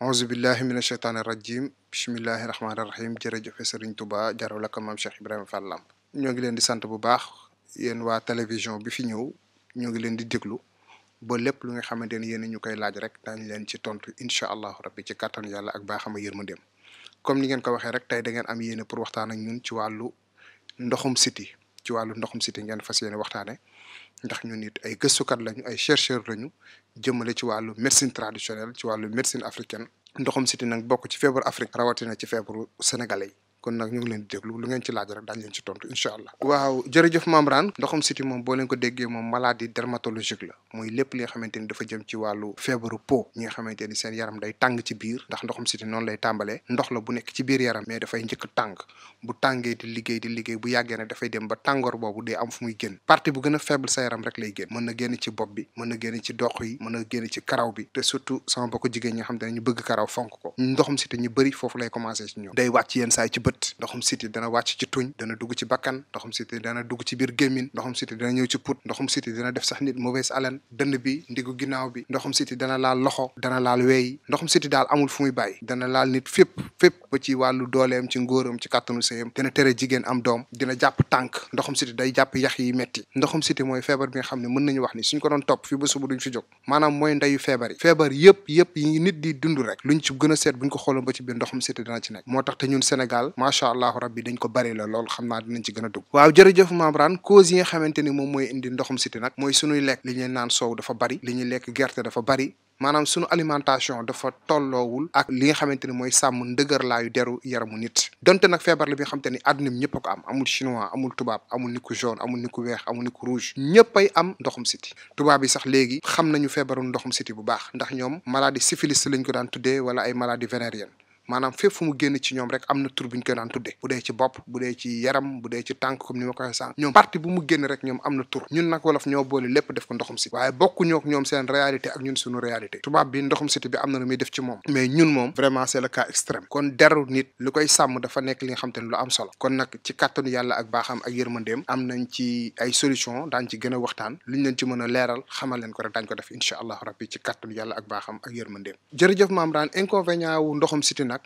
aouzubillahi mina sheytaani rajim bismillahi rahmaani rahim jërëjëfe sëriñ Tuba jaraw la ko maam Cheikh Ibrahima Fall Lamp ñoo ngi leen di sant bu baax yéen waa télévision bi fi ñëw ñoo ngi leen di déglu ba lépp lu nga xamante ni yéen ñu koy laaj rek daañu leen ci tontu incha allahu rabbi ci kàttan yàlla ak baax baaxam a dem comme ni ngeen ko waxee rek tey da am yéene pour waxtaana ak ñun ci wàllu ndoxum siti ci wàllu ndoxum siti ngeen fas yéene waxtaane ndax ñun it ay gëstukat lañu ay chercheur lañu jëmale ci wàllu médecine traditionnelle ci wàllu médecine africaine ndoxum siti nag bokk ci feebaru Afrique rawatina ci feebaru sénégalais kon nag ñu ngi leen di déglu lu ngeen ci laaj rek day tàng ci biir ndax ndoxum siti noonu lay tàmbalee ndox la bu nekk ci biir yaram mais dafay njëkk tàng bu tàngee di liggéey di liggéey bu yàggee nag dafay dem ba tàngoor boobu day am fu muy génn partie bu gën a faible sa yaram rek lay génn mën na génn ci bopp bi mën na génn ci doq yi mën na génn ci karaw bi te surtout sama bokk jigéen ñi xam te ñu bëgg karaw fonk ko ndoxum siti ñu bëri foofu lay commencé ci ñoom day wàcc yenn saay ci bët gént ndoxum siti dana wàcc ci tuñ dana dugg ci bakkan ndoxum siti dana dugg ci biir gémmin ndoxum siti dana ñëw ci put ndoxum siti dana def sax nit mauvaise haleine dënn bi ndigu ginnaaw bi ndoxum dana laal loxo dana laal weey ndoxum siti daal amul fu muy bàyyi dana laal nit fépp fépp ba ci wàllu dooleem ci ngóoram ci kàttanu sëyam dina tere jigéen am doom dina jàpp tànk ndoxum siti day jàpp yax yi metti ndoxum siti mooy feebar bi nga xam ne mën nañu wax ni suñ ko doon topp fi ba suba duñ fi jóg maanaam mooy ndeyu feebar yi feebar yëpp yëpp yi nit di dund rek luñ ci gën a seet ko xooloon ba ci biir ndoxum siti dana ci moo tax te ñun Sénégal macha allah rabbi dañ ko bari la lool xam naa dinañ ci gën a dugg waaw jërëjëf membran cause yi nga xamante ni moom mooy indi ndoxum siti nag mooy suñuy lekk li ñuy naan soow dafa bari li ñuy lekk gerte dafa bari maanaam sunu alimentation dafa tolloowul ak li nga xamante ni mooy sàmm ndëgërlaayu deru yaramu nit donte nag feebar la bi nga xamante ni àdduna bi ñëpp a ko am amul chinois amul tubaab amul ni ku jaune amul ni ku weex amul ni ku rouge ñëppay am ndoxum siti tubaab yi sax léegi xam nañu feebaru ndoxum siti bu baax ndax ñoom maladie syphilis lañ ko daan tuddee wala ay maladie vénérienne maanaam fépp fu mu génn ci ñoom rek am na tur bu koy daan tuddee bu dee ci bopp bu dee ci yaram bu dee ci tànk comme ni ma ko waxee ñoom parti bu mu génn rek ñoom am na tur ñun nag wolof ñoo boole lépp def ko ndoxum siti waaye bokku ñoom seen réalité ak ñun suñu réalité tubaab bi ndoxum siti bi am na kon deru li nga xam te ne lu am solo kon nag ci kàttanu yàlla ak baaxam ak yërmandeem am nañ ci ay solution daañ ci gën a waxtaan luñ leen ci mën a leeral xamal leen ko rek daañ ko def incha allah rabbi ci kàttanu yàlla ak baaxam ak yërmandeem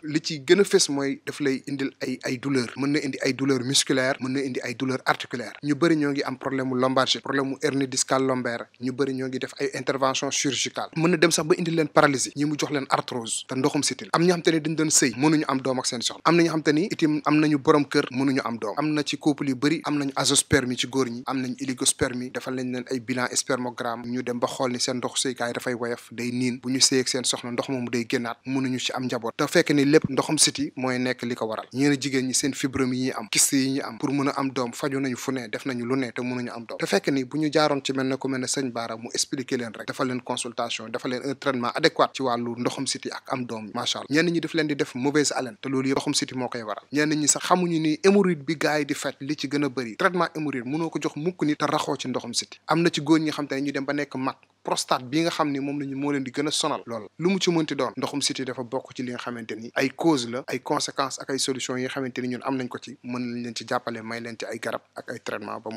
nag li ci gën a mooy daf lay indil ay ay douleur mën na indi ay douleur musculaire mën na indi ay douleur articulaire ñu bëri ñoo ngi am problème mu lombalgie problème mu hernie discale lombaire ñu bëri ñoo ngi def ay intervention chirurgicale na dem sax ba indil leen paralysie ñi mu jox leen arthrose te ndoxum sitil am ñoo xam te ni dañ doon sëy mënuñu doom ak seen soxna am na ñoo xam te ni itim am nañu borom kër mënuñu am doom am na ci couple yu am nañu azoospermie ci góor defal nañ leen ay bilan spermogramme ñu dem ba xool ni seen ndox sëykaay dafay woyof day niin bu ñu sëyeeg seen soxna ndox moomu day génnaat ñu ci am njaboot te fekk ni ni lépp ndoxum siti mooy nekk li ko waral ñeen jigéen ñi seen fibrome yi ñuy am kist yi ñu am pour mën am doom faju nañu fu def nañu lu te mënuñu am doom te fekk ni bu ñu jaaroon ci mel ne ku mel ne mu expliquer leen rek dafa leen consultation dafa leen traitement adéquat ci wàllu ndoxum siti ak am doom macha allah ñi daf leen di def mauvaise haleine te loolu yëpp ndoxum siti moo koy waral ñenn ñi sax xamuñu ni hémorroïde bi gars di faj li ci prostate bi nga xam ni moom la ñu moo leen di gën a sonal loolu lu mu ci mënti doon ndoxum siti dafa bokk ci li nga xamante ni ay cause la ay conséquences ak ay solutions yi nga xamante ni ñun am nañ ko ci mën nañ leen ci jàppale may leen ci ay garab ak ay traitement ba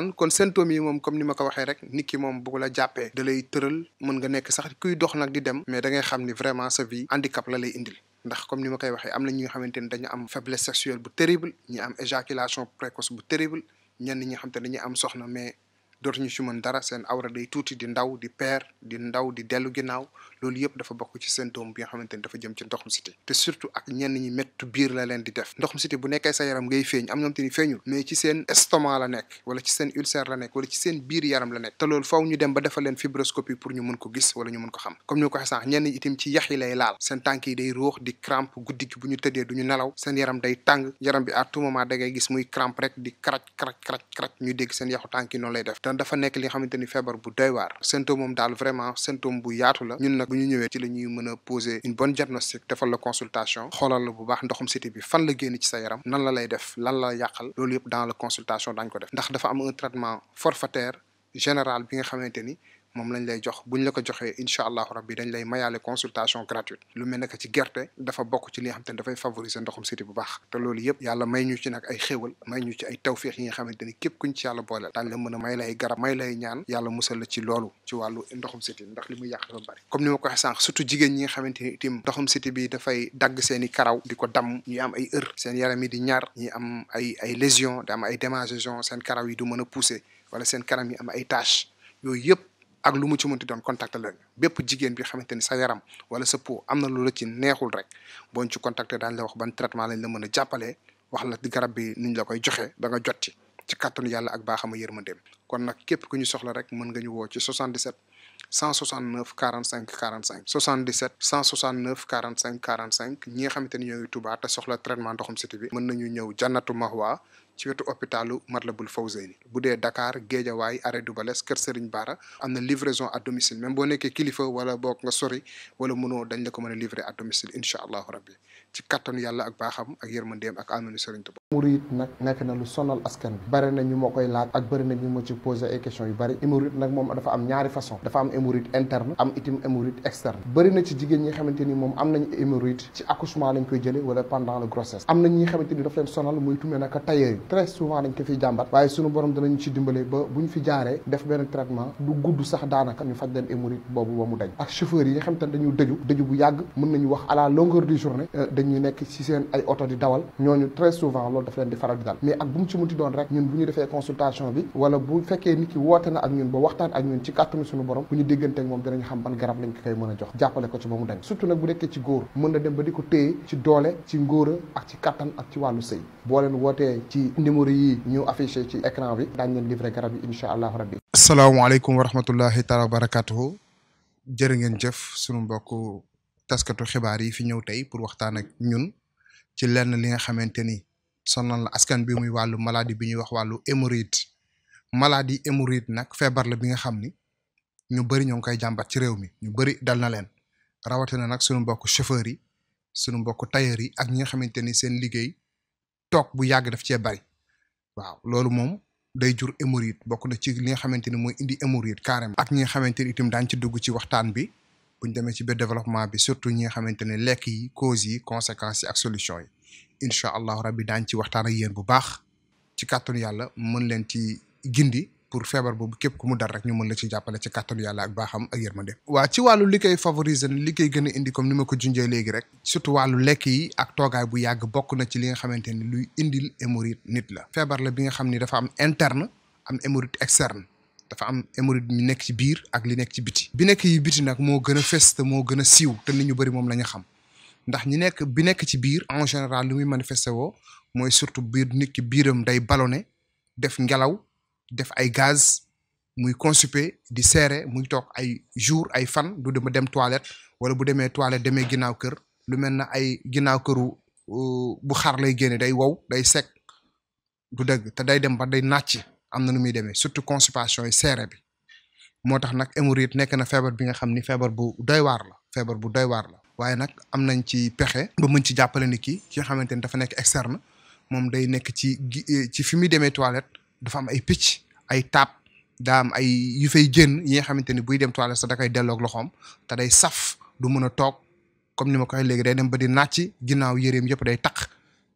mu kon symptômes yi moom comme ni ma ko waxee rek nit ki moom bu la jàppee da lay tëral mën nga nekk sax kuy dox nag di dem mais da ngay xam ni vraiment sa vie handicap la lay indil ndax comme ni ma koy waxee am na ñi nga xamante ni dañu am faiblesse sexuelle bu terrible ñi am éjaculation précoce bu terrible ñenn ñi nga xamante dañuy am soxna mais dor ci mën dara seen awra day tuuti di ndaw di père di ndaw di delu ginnaaw loolu yëpp dafa bokk ci seen doom bi nga xamante ni dafa jëm ci ndoxum siti te surtout ak ñenn ñi mettu biir la leen di def ndoxum siti bu nekkee sa yaram ngay feeñ am ñoom tini ni feeñul mais ci seen estomac la nekk wala ci seen ulcère la nekk wala ci seen biir yaram la nekk te loolu faw ñu dem ba defal leen fibroscopie pour ñu mën ko gis wala ñu mën ko xam comme ñu ko waxee sànq ñenn itim ci yax yi lay laal seen tànk yi day ruux di crampe guddi gi bu ñu tëddee ñu nelaw seen yaram day tàng yaram bi à tout moment da ngay gis muy crampe rek di krat krat krat krat. ñu dégg seen yaxu tànk yi noonu lay def dafa nekk li nga xamante ni feebar bu doy waar symptôme moom daal vraiment symptôme bu yaatu la ñun nag bu ñu ñëwee ci la ñuy mën a poser une bonne diagnostic defal la consultation xoolal la bu baax ndoxum cité bi fan la génn ci sa yaram nan la lay def lan la yàqal loolu yëpp dans la consultation dañ ko def ndax dafa am un traitement forfaitaire général bi nga xamante ni mom lañ lay jox buñ la ko joxé inshallah rabbi dañ lay mayalé consultation gratuite lu mel ka ci gerte dafa bokk ci li nga xamanteni te ne dafay favoriser ndoxum city bu baax te loolu yëpp yàlla may ñu ci nak ay xéewal may ñu ci ay tawfiq yi nga xamanteni képp kuñ ci yàlla bolal tan la mëna may lay garab may lay ñaan yàlla mussel la ci loolu ci walu ndoxum city ndax limu yàq dafa bari comme nima ko wax sank surtout jigéen ñi nga xamanteni ni ndoxum city bi dafay dagg seen i karaw diko dam damm am ay heure seen yaram yi di ñaar ñi am ay ay lésions da am ay démangeaisons seen karaw yi du mëna pousser wala seen karam yi am ay taches yooyu yëpp ak lu mu ci mën mënti doon contacter leen bépp jigéen bi xamante ni sa yaram wala sa peau am na lu la ci neexul rek boo ci contacter daañu la wax ban traitement lañ la mën a jàppale wax la garab bi niñ la koy joxe ba nga jot ci ci kàttanu yàlla ak baaxam a yërmandeem kon nag képp ku ñu soxla rek mën nga ñu woo ci 77 169 45 45 77 169 45 45 ñi nga xamante ni ñooy Touba te soxla traitement ndoxum siti bi mën nañu ñëw jannatu mahwa ci wetu hôpitalu Matlaboul Fawzeyni Dakar Géejawaay arrêt du Balès Kër Serigne Bara Dakar, livraison à domicile même wala bok nga sori wala dañ la ko livrer à domicile inshallah. ci kattanu yàlla ak baaxam ak yërmandeem ak amanu na lu sonal askan bi bëri na ñu moo koy laaj ak bëri na ñu ci posé ay questions yu bëri hémorroïde nag moom dafa am ñaari façon dafa am hémorroïde interne am itam hémorroïde externe bëri na ci jigéen ñi nga xamante ni moom am na hémorroïde ci accouchement lañ koy jële wala pendant la grossesse am nañ ñi nga xamante ni daf borom danañu ci dimbale ba bu ñu fi jaaree def benn traitement du gudd sax daanaka ñu faj leen hémorroïde boobu ba mu dañ ak chauffeur yi nga xamante ne dañu dëju dëju bu yàgg mën nañu wax à la longueur journée euh, ñu nekk ci seen ay oto di dawal ñooñu très souvent loolu daf leen di faral di dal mais ak bu mu ci munti doon rek ñun bu ñu defee consultation bi wala bu fekkee nit ki woote na ak ñun ba waxtaan ak ñun ci kàttanu suñu borom bu ñu déggante ak moom dinañ xam ban garab lañ ko koy mën a jox jàppale ko ci ba mu dañ surtout nag bu nekkee ci góor mën na dem ba di ko téye ci doole ci ngóora ak ci kàttan ak ci wàllu sëy boo leen wootee ci numéro yi ñu affiché ci écran bi daañ leen livré garab yi incha allahu rabbi asalaamaaleykum wa rahmatullahi taala wa barakatuhu jërë ngeen jëf sunu mbokk taskatu xibaar yi fi ñew tay pour waxtaan ak ñun ci lenn li nga xamanteni ni la askan bi muy walu maladie bi ñuy wax walu hémorroïde maladie hémorroïde nak fièvre la bi nga xamni ñu bari ñong koy jambat ci réew mi ñu bari dal na na nak suñu mbokk chauffeur yi suñu mbokk tailleur yi ak ñi nga seen liggéey tok bu yàgg daf ci bari waaw lolu mom day jur hémorroïde bokku na ci li nga xamanteni moy indi hémorroïde carrément. ak ñi nga xamante ni ci dugg ci waxtaan bi. buñ ñu demee ci biir développement bi surtout ñi nga xamante ne lekk yi causes yi conséquences yi ak solution yi incha allahu rabbi daañ ci waxtaan ak yéen bu baax ci kàttanu yàlla mën leen ci gindi pour feebar boobu képp ku mu dar rek ñu mën la ci jàppale ci kàttanu yàlla ak baaxam ak yërmande waa ci wàllu li koy favoriser li koy gën a indi comme ni ma ko junjee léegi rek surtout wàllu lekk yi ak toogaay bu yàgg bokk na ci li nga xamante ne luy indil hémorite nit la feebar la bi nga xam ni dafa am interne am hémorite externe dafa am hémorroïde bi nekk ci biir ak li nekk ci biti bi nekk yi biti nag moo gën a moo gën a siiw te nit ñu bëri moom la ñu xam ndax ñi nekk bi nekk ci biir en général lu muy manifesté woo mooy surtout biir nit ki biiram day ballonné def ngelaw def ay gaz muy constipé di seere muy toog ay jour ay fan du dama dem toilette wala bu demee toilette demee ginnaaw kër lu mel na ay ginnaaw këru euh, bu xar lay génne day wow day sec du dëgg te day dem ba day nàcc am na nu muy demee surtout constipation yi seere bi moo tax nag hémorroïde nekk na feebar bi nga xam ni feebar bu doy waar la feebar bu doy waar la waaye nag am nañ ci pexe ba mën ci jàppale ni kii ki xamante ni dafa nekk externe moom day nekk ci eh, ci fi muy demee toilette dafa am ay picc ay taab daa am ay yu fay yi nga xamante ni buy dem toilette sa da koy delloog loxoom te day saf du mën a toog comme ni ma koy léegi day dem ba di ci ginnaaw yëreem yëpp day taq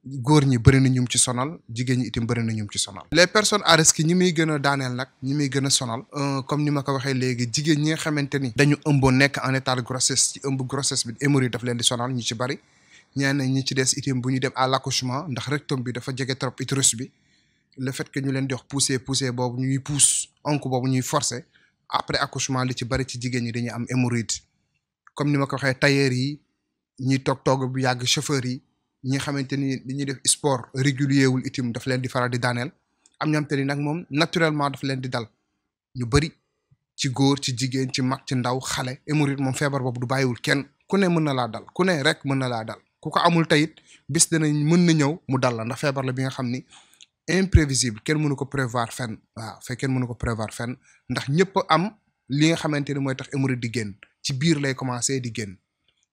góor ñi bëri na ñum ci sonal jigéen ñi itam bëri na ñum ci sonal les personnes à risque ñi muy gëna daanel nak ñi muy gëna a sonal euh, comme ni ma ko waxee léegi jigéen ñi xamanteni dañu ëmboon nekk en état de grossesse ci ëmb grossesse bi hémorroïde daf leen di sonal ñi ci bari ñeena ñi ci dess itim bu ñu dem à l'accouchement ndax rectum bi dafa jege trop utérus bi le fait que ñu leen di wax pousser pousser bobu ñuy pousse oncle bobu ñuy forcer après accouchement li ci bari ci jigéen ñi dañuy am hémorroïde comme ni ma ko waxee tailleur yi ñi tok toog bu yag chauffeur yi ñi nga xamante ni dañuy def sport régulier wul itam daf leen di faral di daaneel am ñoo xamante ni nag moom naturellement daf leen di dal ñu bëri ci góor ci jigéen ci mag ci ndaw xale hémorroïde moom feebar boobu du bàyyiwul kenn ku ne mën na laa dal ku ne rek mën na laa dal ku ko amul tayit bis danañ mën na ñëw mu dal la ndax feebar la bi nga xam ni imprévisible kenn mënu ko prévoir fenn waaw fekk kenn mënu ko prévoir fenn ndax ñëpp am li nga xamante ni mooy tax hémorroïde di génn ci biir lay commencé di génn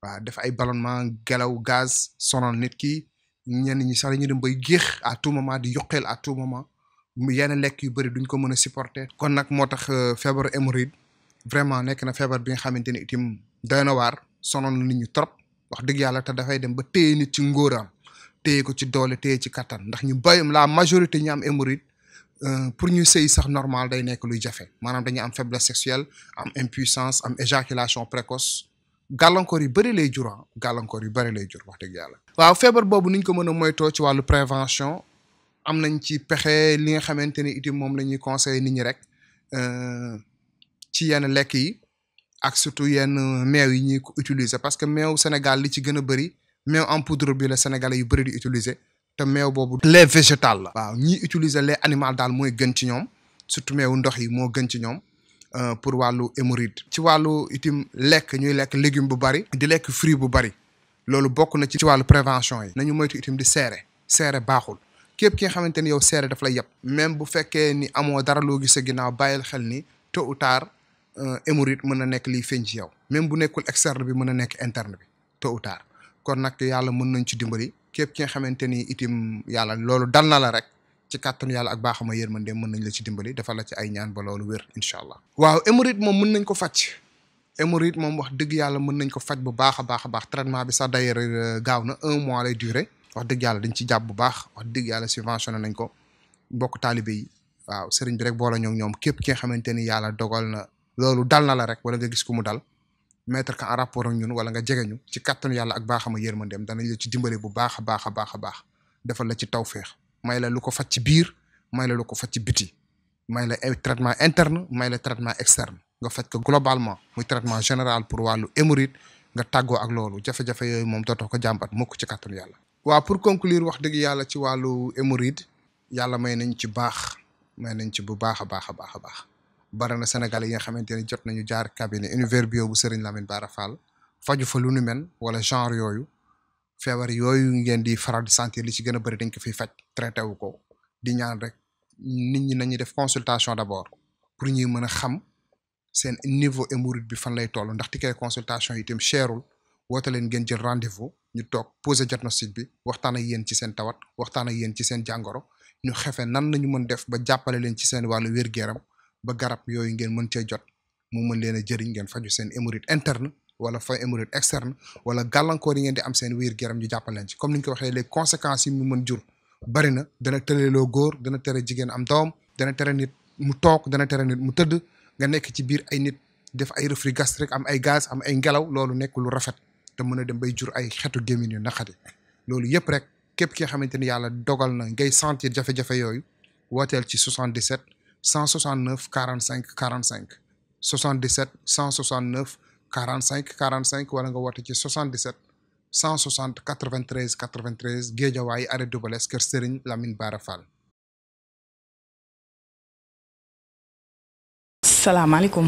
waaw def ay ballonnement gelaw gaz sonal nit ki ñenn ñi sax dañuy dem bay géex à tout moment di yokkeel à tout moment yenn lekk yu bëri duñ ko mën a supporter. kon nag moo tax euh, feebaru hémorroïde vraiment nekk na feebar bi nga xamante ni itam doy na waar sonal na nit ñu trop wax dëgg yàlla te dafay dem ba téye nit ci ngóoraam téye ko ci doole téye ci kattan ndax ñu bayum la majorité ñu am hémorroïde euh, pour ñu sëy sax normal day nekk luy jafe maanaam dañuy am faiblesse sexuelle am impuissance am éjaculation précoce galankor yu bari lay jur ah. galankor yu bari lay jur wax dëgg yàlla. waaw feebar boobu niñ ko mën a moytoo ci wàllu prévention am ci pexe li nga la ñuy conseillé nit euh, ci yenn lekk yi ak surtout yi utiliser parce que meew Sénégal li ci en poudre bi la Sénégalais yu utiliser te meew boobu. végétal waaw utiliser les animal daal mooy gën ci ñoom surtout meewu ndox yi gën ci Euh, pour wàllu hémorroïde ci wàllu itim lekk ñuy lekk légume bu bari di lekk fruit bu bari loolu bokk na ci ci wàllu prévention yi ñu moytu itim di seere seere baaxul képp ki nga xamante ni yow seere daf lay yàpp même bu fekkee ni amoo dara loo gis sa ginnaaw bàyyil xel ni tôt ou tard euh, hémorroïde mën na nekk liy feeñ ci yow même bu nekkul externe bi mën na nekk interne bi tôt ou kon nag yàlla mën nañ ci dimbali képp ki nga xamante ni itim yàlla loolu dal na la rek ci kàttan yalla ak baxuma yermande mën nañ la ci dimbali dafa la ci ay ñaan ba lolu wër inshallah waaw émorite mom mën nañ ko fàcc émorite mom wax deug yalla mën nañ ko faj bu baax a baax traitement bi sa dayer euh, gaaw na un mois lay durer wax deug yalla dañ ci jàpp bu baax wax deug yalla subventionné nañ ko bokk talibé yi waaw sëriñ bi rek bo la ñok ñom képp ki xamanteni yalla dogal na lolu dal na la rek wala nga gis ku mu dal mettre ka rapport ak ñun wala nga jege ñu ci kàttanu yalla ak baaxama yërmandeem danañ la ci dimbale bu baax a baax a baax defal la ci tawfiq may la lu ko faj ci biir may la lu ko faj ci biti may la ay traitement interne may la traitement externe nga faj ko globalement mu traitement général pour wàllu émoride nga tàggoo ak loolu jafe-jafe yooyu moom dootoo ko jàmbat mukk ci kàttanu yàlla. waaw pour conclure wax dëgg yàlla ci wàllu émoride yàlla may nañ ci baax may nañ ci bu baax a baax a baax a baax bari na Sénégal yi nga xamante ne jot nañu jaar cabinet univers bio bu Serigne Lamine Bara Fall faju fa lu nu mel wala genre yooyu. feebar yooyu ngeen di faral di sentir li ci gën a bëri dañ ko fiy faj traité wu ko di ñaan rek nit ñi na nañuy def consultation d'abord pour ñuy mën a xam seen niveau hémorroïde bi fan lay toll ndax ticket consultation yi itam cherul woote leen ngeen jël rendez-vous ñu toog poser diagnostic bi waxtaan ak yéen ci seen tawat waxtaan ak yéen ci seen jàngoro ñu xefe nan la ñu mën def ba jàppale leen ci seen wàllu wér gu ba garab yooyu ngeen mën cee jot mu mën leen a jëriñ ngeen faju seen hémorroïde interne wala fay hémorroïde externe wala gàllankoor yi ngeen di am seen wiir yaram ñu jàppal leen ci comme ni ko waxee les yi mu mën jur bari na dana tëreloo góor dana tere jigéen am doom dana tere nit mu toog dana tere nit mu tëdd nga nekk ci biir ay nit def ay reflux gastrique am ay gaz am ay ngelaw loolu nekk lu rafet te mën a dem bay jur ay xeetu gémmiñ yu naqari loolu yëpp rek képp ki nga xamante ni yàlla dogal na ngay sentir jafe-jafe yooyu wooteel ci 77 169 45 45 77 169 45 45 wala nga woote ci 77 160 93 93 Géejawaay arrêt Dubalès Kër Serigne Lamine Bara Fall. salaamaaleykum.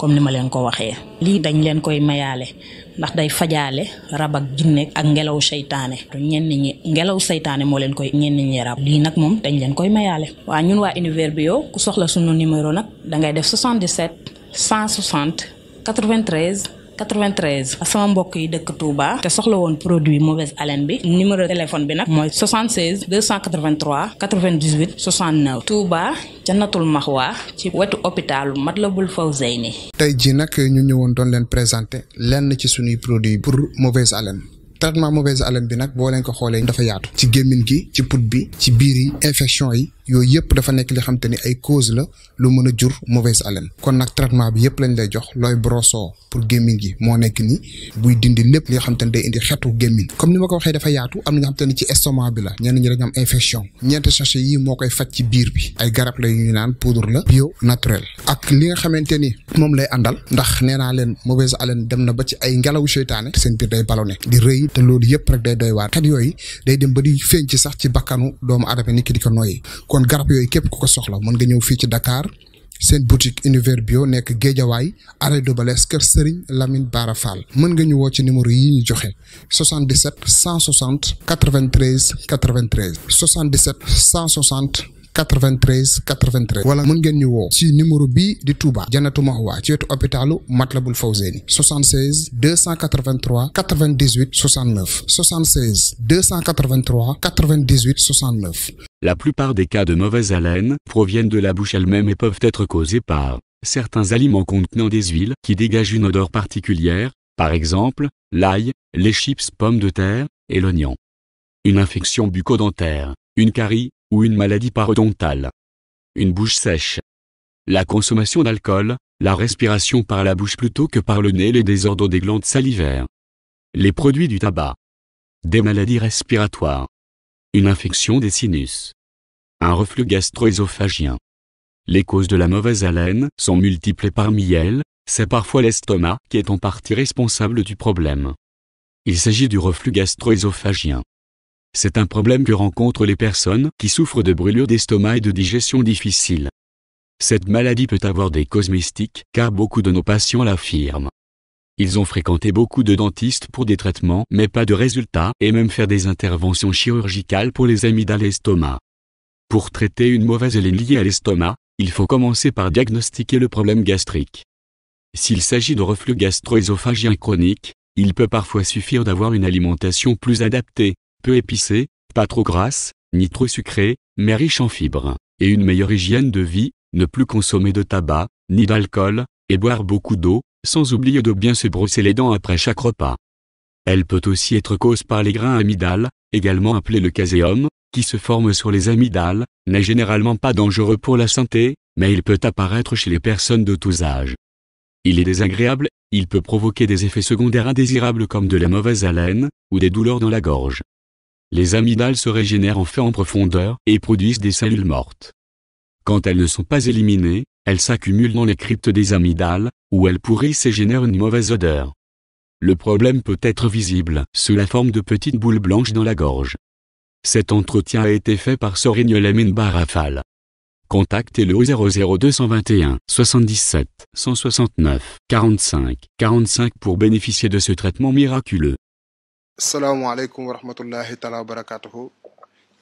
comme ni ma leen ko waxee. lii dañ leen koy mayaale ndax day fajaale rab ak jinne ak ngelaw seytaane ñenn ñi ngelaw seytaane moo leen koy ñenn ñi rab lii nag moom dañ leen koy mayaale. waa ñun waa bi bio ku soxla sunu numéro nag da ngay def 77 160 93. 93 sama mbokk yi dëkk Touba te soxla woon produit mauvaise haleine bi numéro téléphone bi nag mooy 76 283 98 69 Touba Jannatul Maxwa ci wetu hôpitalu Matlaboul Fawzeyni. tey jii nag ñu ñëwoon doon leen présenter lenn ci suñuy produits pour mauvaise haleine. traitement mauvaise haleine bi nag boo leen ko xoolee dafa yaatu ci gémmiñ gi ci put bi ci biir infection yi yooyu yëpp dafa nekk li xam te ni ay cause la lu mën a jur mauvaise haleine kon nag traitement bi yëpp lañ lay jox looy broso pour gémmiñ gi moo nekk ni buy dindi lépp li nga xam te ne day indi xetu gémmiñ comme ni ko waxee dafa yaatu am na nga bi la ñenn ñi dañu am infection ñeenti sachet yi moo koy faj ci biir bi ay garab la ñuy naan poudre la bio naturel ak li nga xamante ni moom lay àndal ndax nee naa leen mauvaise haleine dem na ba ci ay ngelaw seytaane seen biir day ballonné di rëy te loolu yëpp rek day doy waar xet yooyu day dem ba di feeñ ci sax ci bakkanu doomu aadama ni ki di ko noyyi kon garab yooyu képp ko soxla mën nga ci Dakar seen boutique univers bio nekk arrêt de Balès kër Serigne Lamine Bara nga ñu ci numéro yi 77 160 93 93 77 160. 93 93 Voilà mon ngeen numéro bi di Touba Mahwa ci wetu hôpitalu Matlabul 76 283 98 69 76 283 98 69. La plupart des cas de mauvaise haleine proviennent de la bouche elle-même et peuvent être causés par certains aliments contenant des huiles qui dégagent une odeur particulière, par exemple l'ail, les chips pommes de terre et l'oignon. Une infection bucco-dentaire, une carie, ou une maladie parodontale. Une bouche sèche. La consommation d'alcool, la respiration par la bouche plutôt que par le nez, les désordres des glandes salivaires. Les produits du tabac. Des maladies respiratoires. Une infection des sinus. Un reflux gastro-œsophagien. Les causes de la mauvaise haleine sont multiples et parmi elles, c'est parfois l'estomac qui est en partie responsable du problème. Il s'agit du reflux gastro-œsophagien. C'est un problème que rencontrent les personnes qui souffrent de brûlures d'estomac et de digestion difficile. Cette maladie peut avoir des causes mystiques, car beaucoup de nos patients l'affirment. Ils ont fréquenté beaucoup de dentistes pour des traitements, mais pas de résultats, et même faire des interventions chirurgicales pour les amygdales et l'estomac. Pour traiter une mauvaise hélène liée à l'estomac, il faut commencer par diagnostiquer le problème gastrique. S'il s'agit de reflux gastro-œsophagien chronique, il peut parfois suffire d'avoir une alimentation plus adaptée, peu épicée, pas trop grasse, ni trop sucrée, mais riche en fibres, et une meilleure hygiène de vie, ne plus consommer de tabac, ni d'alcool, et boire beaucoup d'eau, sans oublier de bien se brosser les dents après chaque repas. Elle peut aussi être cause par les grains amygdales, également appelés le caséum, qui se forme sur les amygdales, n'est généralement pas dangereux pour la santé, mais il peut apparaître chez les personnes de tous âges. Il est désagréable, il peut provoquer des effets secondaires indésirables comme de la mauvaise haleine, ou des douleurs dans la gorge. Les amygdales se régénèrent en fait en profondeur et produisent des cellules mortes. Quand elles ne sont pas éliminées, elles s'accumulent dans les cryptes des amygdales, où elles pourrissent et génèrent une mauvaise odeur. Le problème peut être visible sous la forme de petites boules blanches dans la gorge. Cet entretien a été fait par Sorin Lamine Barafal. Contactez-le au 00221 77 169 45 45 pour bénéficier de ce traitement miraculeux. salaamaaleykum wa rahmatullahi taala wa barakaatuhu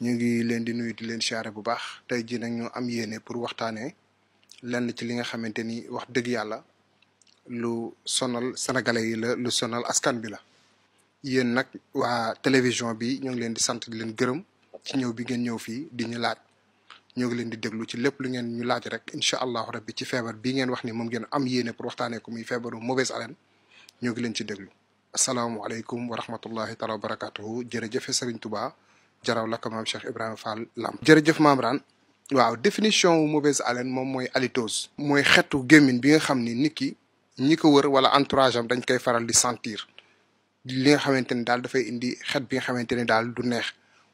ñu ngi leen di nuyu di leen siyaare bu baax tey jii nag ñu am yéene pour waxtaanee lenn ci li nga xamante ni wax dëgg yàlla lu sonal sénégalais yi la lu sonal askan bi la. yéen nag waa télévision bi ñoo ngi leen di sant di leen gërëm ci ñëw bi ngeen ñëw fii di ñu laaj ñoo ngi leen di déglu ci lépp lu ngeen ñu laaj rek incha allahu rabbi ci feebar bii ngeen wax ni moom geen am yéene pour waxtaanee ko muy feebaru mauvaise haleine ñoo ngi leen ci déglu. السلام عليكم ورحمة الله تعالى وبركاته جرجف سرين توبا جرى لك مام شيخ إبراهيم فال لام جرجف مام واو ديفينيشن موبيز ألين موم موي أليتوز موي خطو جيمين بيغا خامني نيكي نيكو وور ولا انتوراجام دنج كاي فارال دي سانتير لي خامتيني دال دا فاي اندي خط بيغا خامتيني دال دو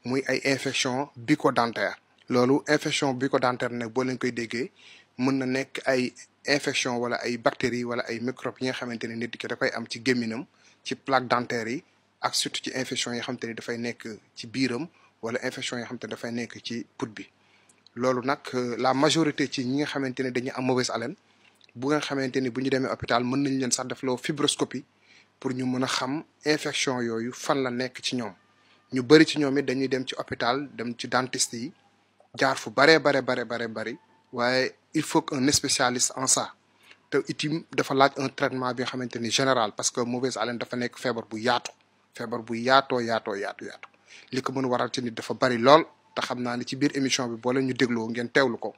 موي اي انفيكسيون بيكو دانتير لولو انفيكسيون بيكو دانتير نك بو لين كاي ديغي نيك اي انفيكسيون ولا اي باكتيري ولا اي ميكروب يي خامتيني نيت كي داكاي ام سي جيمينم ci plaque dentaire yi ak surtout ci infection yi xam te ni dafay nekk ci biiram wala infection yi xam te ne dafay nekk ci put bi loolu nag euh, la majorité ci ñi nga xamante ne dañuy am mauvaise haleine bu nga xamante ni bu ñu demee hôpital mën nañ leen sax def loo fibroscopie pour ñu mën a xam infection yooyu fan la nekk ci ñoom ñu bari ci ñoom it dañuy dem ci hôpital dem ci dentiste yi jaar fu bare bare bare bare bëri waaye il faut qu'un spécialiste en ça te itim dafa laaj un traitement bi nga xamante ni général parce que mauvaise haleine dafa nekk feebar bu yaatu feebar bu yaato yaatoo yaatu yaatu li ko mën waral ci nit dafa bari lool te xam naa ni ci biir émission bi boo leen ñu dégloo ngeen teewlu ko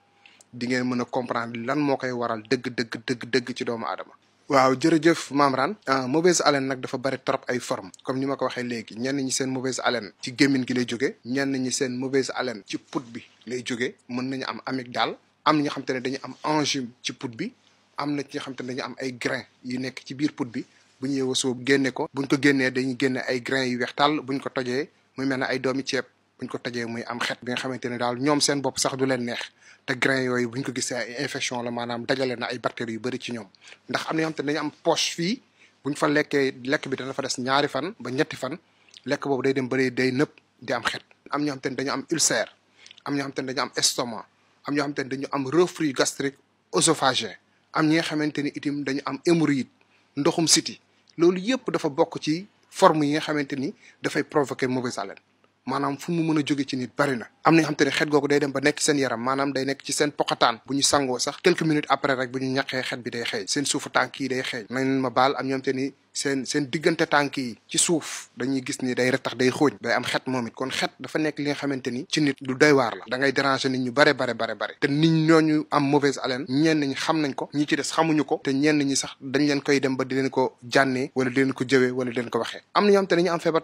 di ngeen mën a comprendre lan moo koy waral dëgg dëgg dëgg dëgg ci doomu aadama. waaw jërëjëf Mamran euh, mauvaise haleine nag dafa bari trop ay forme comme ni ma ko waxee léegi ñenn ñi seen mauvaise haleine ci gémmin gi lay jóge ñenn ñi seen mauvaise haleine ci put bi lay jóge mën nañu am amygdale am ñi nga xam ne dañu am angine ci put bi am na ci dañu am ay grain yu nekk ci biir put bi bu ñu yeewoo génne ko. buñ ko génnee dañuy génne ay grain yu weex buñ ko tojee muy mel ay doomi ceeb buñ ko tojee muy am xet. bi nga xamante ne daal ñoom seen bopp sax du leen neex te grain yooyu buñ ko gisee ay infection la maanaam dajale na ay bactéries yu bëri ci ñoom ndax am na yoo xam dañu am poche fii buñ fa lekkee lekk bi dana fa des ñaari fan ba ñetti fan lekk boobu day dem bëri day nëb di am xet. am ñoo xam dañu am ulcère am ñoo xam dañu am estomac am ñoo xam dañu am reflux gastrique œsophage am ñi nga xamante ni itam dañu am hémorroïde ndoxum siti loolu yëpp dafa bokk ci forme yi nga xamante ni dafay provoquer mauvaise haleine maanaam fu mu mën a jóge ci nit bari na am na ñoo xam te xet googu day dem ba nekk seen yaram maanaam day nekk ci seen poqataan bu ñu sangoo sax quelques minutes après rek bu ñu ñaqee xet bi day xeeñ seen suufu tànk yi day xeeñ ma baal am ñoom te ni seen seen diggante tànk yi ci suuf dañuy gis ni day retax day xóoñ day am xet moom kon xet dafa nekk li nga xamante ni ci nit lu doy waar la da ngay déranger nit ñu bare bare bare bare te nit ñooñu am mauvaise haleine ñenn ñi xam nañ ko ñi ci des xamuñu ko te ñenn ñi sax dañ leen koy dem ba di leen ko jànnee wala di leen ko jëwee wala di leen ko waxee am nañ ñoo xam te dañu am feebar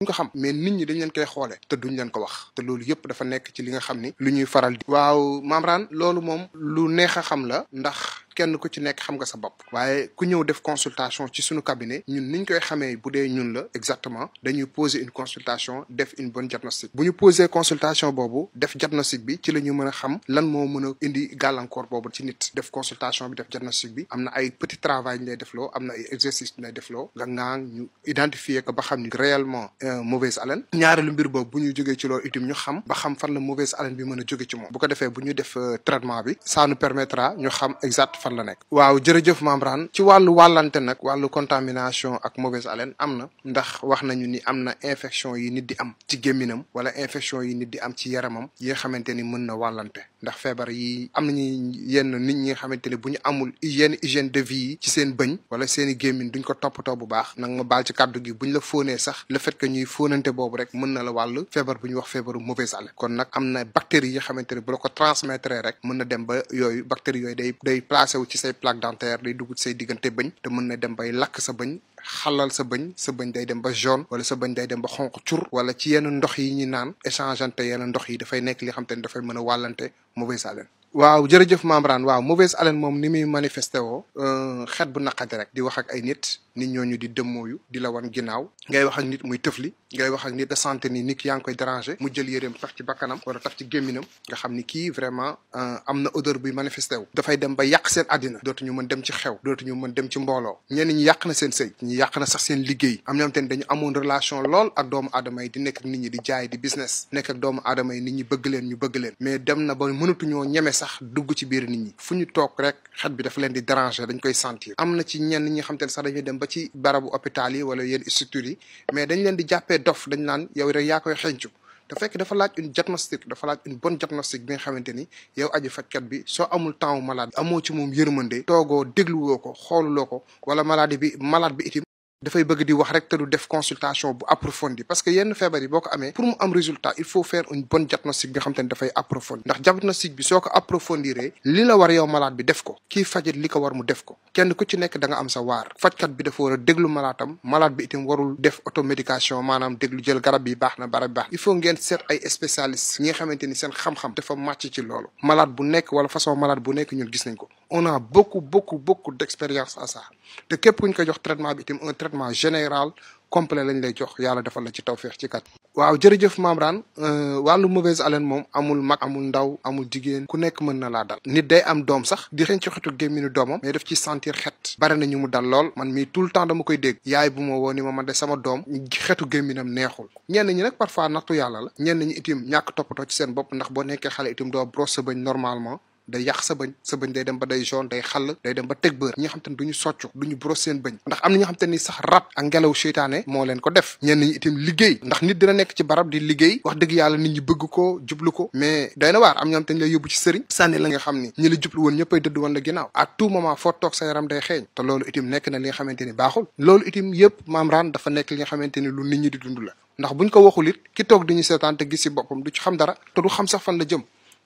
duñ ko xam mais nit ñi dañ leen koy xoole te duñ leen ko wax te loolu yëpp dafa nekk ci li nga xam ni lu ñuy faral di waaw Mame Rane loolu moom lu neex a xam la ndax kenn ku ci nekk xam nga sa bopp waaye ku ñëw def consultation ci suñu cabinet ñun niñ koy xamee bu dee ñun la exactement dañuy poser une consultation def une bonne diagnostic bu ñu poser consultation boobu def diagnostic bi ci la ñu mën a xam lan moo mën a indi gàllankoor boobu ci nit def consultation bi def diagnostic bi am na ay petit travail ñu lay defloo am na ay exercice ñu lay defloo nga ñu identifier ko ba xam ni réellement euh, mauvaise haleine ñaareelu mbir boobu bu ñu jógee ci loolu itam ñu xam ba xam fan la mauvaise haleine bi mën a jóge ci moom bu ko defee bu ñu def euh, traitement bi ça nous permettra ñu xam exact fan la nekk waaw jërëjëf membran ci wàllu wàllante nag wàllu contamination ak mauvaise haleine am na ndax wax nañu ni am na infection yi nit di am ci gémminam wala infection yi nit di am ci yaramam yi nga xamante ni mën na wàllante ndax feebar yi am nañu yenn nit ñi nga xamante ne bu ñu amul yenn hygiène de yi ci seen bëñ wala seen i gémmiñ duñ ko toppatoo bu baax nag ma baal ci kàddu gi buñu la foonee sax la fait ñuy foonante boobu rek mën na la wàll feebar bu ñuy wax feebaru mauvaise haleine kon nag am na bactéries yi xamante ne bu la ko transmetre rek mën na dem ba yooyu bactéries yooyu day day placé wu ci say plaque dentaire day dugg ci say diggante bëñ te mën na dem bay lakk sa bëñ xalal sa bëñ sa bëñ day dem ba jaune wala sa bëñ day dem ba xonq cur wala ci yenn ndox yi ñuy naan échangeante yenn ndox yi dafay nekk li xam te ne dafay mën a wàllante mauvaise haleine waaw jërëjëf membran waaw mauvaise haleine moom ni muy manifesté woo euh, xet bu naqadi rek di wax ak ay nit nit ñooñu di dem dëmmooyu di la wan ginnaaw ngay wax ak nit muy tëfli ngay wax ak nit da santé ni nit yaa ngi koy déranger mu jël yéreem taf ci bakkanam wala taf ci gémminam nga xam ni kii vraiment euh, am na odeur buy manifesté wu dafay dem ba yàq seen àddina dootuñu mën dem ci xew dootuñu mën dem ci mbooloo ñenn ñi yàq na seen sëy ñi yàq na sax seen liggéey am ñoom tamit dañu amoon relation lool ak doomu yi di nekk nit ñi di jaay di business nekk doomu aadama yi nit ñi bëgg leen ñu bëgg mais dem na ba mënatuñoo ñeme sax dugg ci biir nit ñi fu ñu toog rek xet bi dafa leen di déranger dañ koy sentir am na ci ñenn ñi xam te ne sax dañuy ba ci barabu hôpital yi wala yenn structures yi mais dañ leen di jàppee dof dañ naan yow rek yaa koy xencu te fekk dafa laaj une diagnostic dafa laaj une bonne diagnostic bi nga xamante ni yow aji fajkat bi soo amul temps malade amoo ci moom yërmande toogoo dégluwoo ko xooluloo ko wala maladie bi malade dafay bëgg di wax rek te du def consultation bu approfondie parce que yenn feebar yi boo ko amee pour mu am résultat il faut faire une bonne diagnostic bi nga xam te ne dafay approfondir ndax diagnostic bi soo ko approfondiree li la war yow malade bi def ko kii fajit li ko war mu def ko kenn ku ci nekk da nga am sa waar fajkat bi dafa war a déglu malaatam malade bi itam warul def automédication maanaam déglu jël garab bi baax na barab baax il faut ngeen seet ay spécialistes ñi nga xamante ni seen xam-xam dafa màcc ci loolu malade bu nekk wala façon malade bu nekk ñun gis nañ ko on a beaucoup beaucoup beaucoup d'expérience à ça te képp kuñ ko jox traitement bi itam un traitement traitement général complet lañ lay jox yalla defal la ci tawfiq ci kat. waaw jërëjëf Mamran euh, walu mauvaise haleine mom amul mak amul ndaw amul jigen ku nekk mën na la dal nit day am dom sax di xeeñ ci xetu gémminu domam mais daf ci sentir xet bare na ñu mu dal lool man mi tout le temps dama koy dégg yaay bu ma woo ma man de sama dom xetu geminam neexul ñen ñi nak parfois nattu yalla la ñenn ñi itim ñak toppatoo ci seen bop ndax bo nekkee xalé itim do brosse bañ normalement day yàq sa bañ sa bañ day dem ba day jaune day xal day dem ba teg beur ñi xamanteni duñu soccu duñu bros seen bañ ndax amna na xamanteni sax rat ak ngelaw sheytane mo leen ko def ñen ñi itim liggey ndax nit dina nek ci barab di liggey wax deug yalla nit ñi bëgg ko jublu ko mais day na war am ñoo xam lay yóbbu ci sëriñ sané la nga xamni ñi la jublu won ñëppay dëdd won la ginaaw à tout moment fo tok sa yaram day xéñ te loolu itim nek na li nga xamanteni baxul loolu itim yépp maam raan dafa nek li nga xamanteni lu nit ñi di dund ndax buñ ko waxulit ki tok diñu sétante gis ci bopam du ci xam dara te du xam sax fan la jëm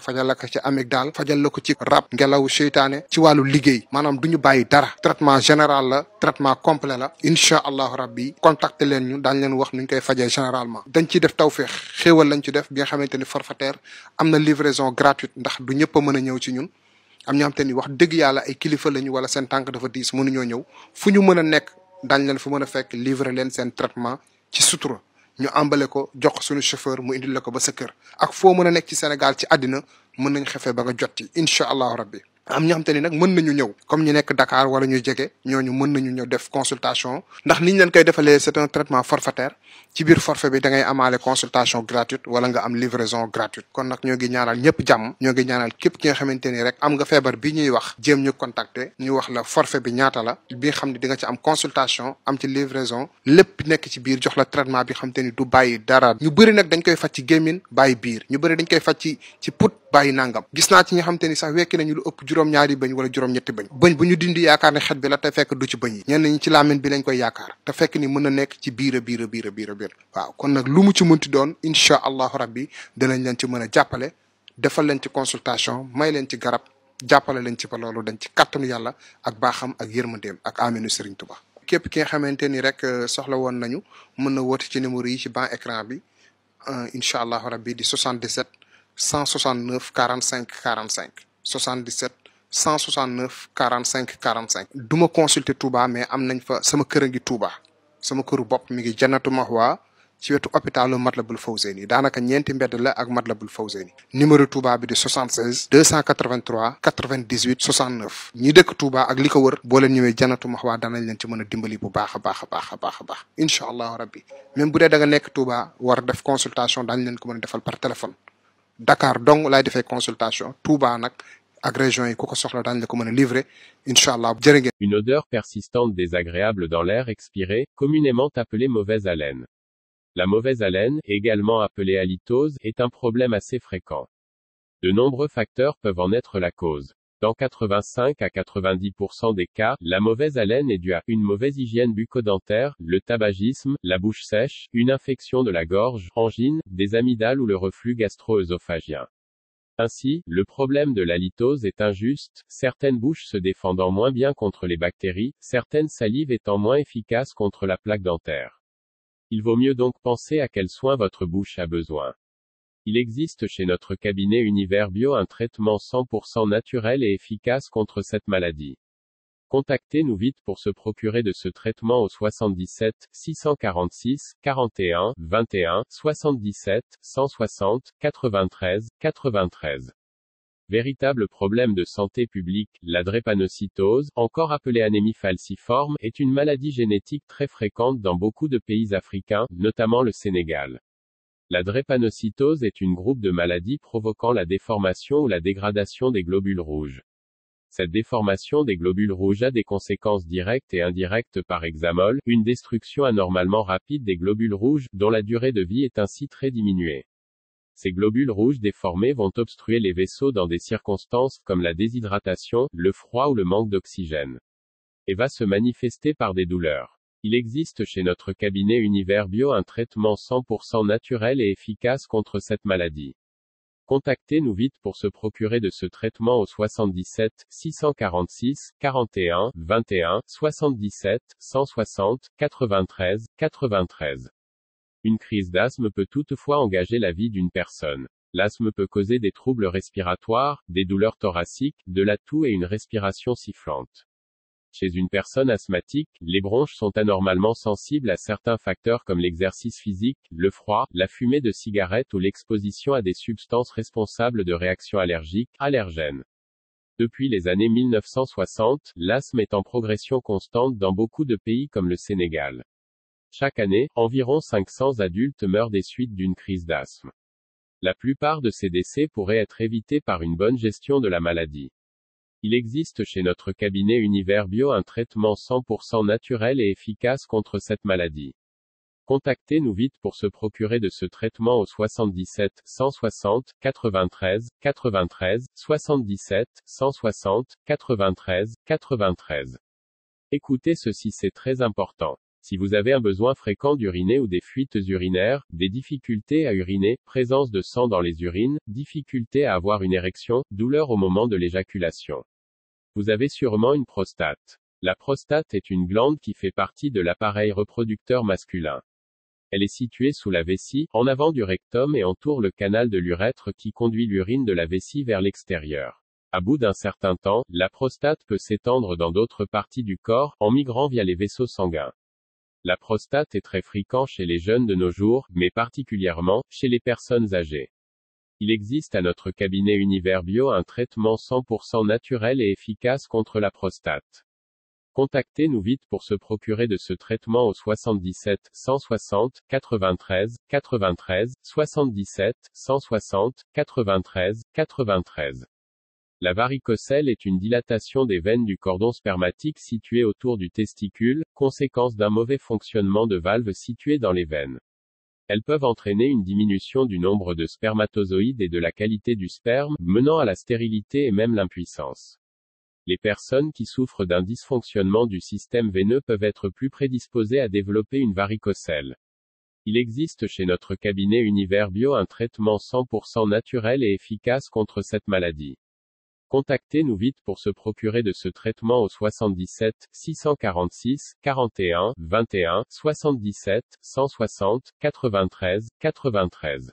fajal la ko ci amig daal fajal la ko ci rab ngelaw seytaane ci wàllu liggéey maanaam du ñu bàyyi dara traitement général la traitement complet la incha allahu rabbi contacter leen ñu daañ leen wax nu ñu koy fajee généralement dañ ciy def taw fe xéewal lañ ci def bi nga xamante ni forfaitaire am na livraison gratuite ndax du ñëpp a mën a ñëw ci ñun am ñoo xam te wax dëgg yàlla ay kilifa lañu wala seen tànk dafa diis mënuñoo ñëw fu ñu mën a nekk dañ leen fu mën a fekk livrer leen seen traitement ci sutura ñu ambalé ko jox suñu chauffeur mu indi lako ba sa kër ak fo mëna nek ci Sénégal ci adina mën nañ xefee ba nga jotti inshallah rabbi am ñoo xam te ni nag mën nañu ñëw comme ñu nekk Dakar wala ñu jege ñooñu mën nañu ñëw def consultation ndax niñ leen koy defalee c'est un traitement forfaitaire ci biir forfait bi da ngay amaale consultation gratuite wala nga am livraison gratuite kon nag ñoo ngi ñaanal ñëpp jàmm ñoo ngi ñaanal képp ki nga xamante ni rek am nga feebar bi ñuy wax jéem ñu contacter ñu wax la forfait bi ñaata la bi xam ne di ci am consultation am ci livraison lép nekk ci biir jox la traitement bi xam te ni du bàyyi dara ñu bëri nag dañ koy faj ci gémmin bàyyi biir ñu bëri dañ koy faj ci ci put bàyyi nangam gis juróom-ñaari bëñ wala juróom-ñetti bëñ bëñ bu ñu dindi yaakaar ne xet bi la te fekk du ci bëñ yi ñenn ñi ci làmmiñ bi lañ koy yaakaar te fekk ni mën a nekk ci biir a biir a biir a biir a biir waaw kon nag lu mu ci mënti doon incha allahu rabbi danañ leen ci mën a jàppale defal leen ci consultation may leen ci garab jàppale leen 169 45 45. du consulter Touba mais am nañ fa sama kër a ngi Touba sama këru bop mi ngi Jannatu Mahwa ci wetu hôpitalu Matlaboul fawzeni danaka ñenti mbedd la ak Matlaboul fawzeni numéro Touba bi de 76 283 98 69 ñi dëkk Touba ak liko wër bo leen ñëwee Jannatu Mahwa danañ leen ci mëna dimbali bu baaxa baaxa baaxa baaxa baax inshallah rabbi même bu dé da nga nekk Touba war consultation dañ leen ko mëna a par téléphone Dakar dong laay defee consultation Touba nak une odeur persistante désagréable dans l'air expiré communément appelée mauvaise haleine. La mauvaise haleine, également appelée halitose, est un problème assez fréquent. De nombreux facteurs peuvent en être la cause. Dans 85 à 90% des cas, la mauvaise haleine est due à une mauvaise hygiène bucco-dentaire, le tabagisme, la bouche sèche, une infection de la gorge, angine, des amygdales ou le reflux gastro-œsophagien. Ainsi, le problème de la litose est injuste, certaines bouches se défendant moins bien contre les bactéries, certaines salives étant moins efficaces contre la plaque dentaire. Il vaut mieux donc penser à quel soin votre bouche a besoin. Il existe chez notre cabinet Univers Bio un traitement 100% naturel et efficace contre cette maladie. Contactez-nous vite pour se procurer de ce traitement au 77 646 41 21 77 160 93 93. Véritable problème de santé publique, la drépanocytose, encore appelée anémie falciforme, est une maladie génétique très fréquente dans beaucoup de pays africains, notamment le Sénégal. La drépanocytose est une groupe de maladies provoquant la déformation ou la dégradation des globules rouges. Cette déformation des globules rouges a des conséquences directes et indirectes par hexamol, une destruction anormalement rapide des globules rouges, dont la durée de vie est ainsi très diminuée. Ces globules rouges déformés vont obstruer les vaisseaux dans des circonstances comme la déshydratation, le froid ou le manque d'oxygène. Et va se manifester par des douleurs. Il existe chez notre cabinet Univers Bio un traitement 100% naturel et efficace contre cette maladie. Contactez-nous vite pour se procurer de ce traitement au 77 646 41 21 77 160 93 93. Une crise d'asthme peut toutefois engager la vie d'une personne. L'asthme peut causer des troubles respiratoires, des douleurs thoraciques, de la toux et une respiration sifflante. Chez une personne asthmatique, les bronches sont anormalement sensibles à certains facteurs comme l'exercice physique, le froid, la fumée de cigarettes ou l'exposition à des substances responsables de réactions allergiques, allergènes. Depuis les années 1960, l'asthme est en progression constante dans beaucoup de pays comme le Sénégal. Chaque année, environ 500 adultes meurent des suites d'une crise d'asthme. La plupart de ces décès pourraient être évités par une bonne gestion de la maladie. Il existe chez notre cabinet Univers Bio un traitement 100% naturel et efficace contre cette maladie. Contactez-nous vite pour se procurer de ce traitement au 77 160 93 93 77 160 93 93. Écoutez ceci c'est très important. Si vous avez un besoin fréquent d'uriner ou des fuites urinaires, des difficultés à uriner, présence de sang dans les urines, difficulté à avoir une érection, douleur au moment de l'éjaculation. Vous avez sûrement une prostate. La prostate est une glande qui fait partie de l'appareil reproducteur masculin. Elle est située sous la vessie, en avant du rectum et entoure le canal de l'urètre qui conduit l'urine de la vessie vers l'extérieur. À bout d'un certain temps, la prostate peut s'étendre dans d'autres parties du corps, en migrant via les vaisseaux sanguins. La prostate est très fréquente chez les jeunes de nos jours, mais particulièrement, chez les personnes âgées. Il existe à notre cabinet Univers Bio un traitement 100% naturel et efficace contre la prostate. Contactez-nous vite pour se procurer de ce traitement au 77 160 93 93 77 160 93 93. La varicocèle est une dilatation des veines du cordon spermatique situé autour du testicule, conséquence d'un mauvais fonctionnement de valves situées dans les veines. Elles peuvent entraîner une diminution du nombre de spermatozoïdes et de la qualité du sperme, menant à la stérilité et même l'impuissance. Les personnes qui souffrent d'un dysfonctionnement du système veineux peuvent être plus prédisposées à développer une varicocelle. Il existe chez notre cabinet Univers Bio un traitement 100% naturel et efficace contre cette maladie. Contactez-nous vite pour se procurer de ce traitement au 77 646 41 21 77 160 93 93.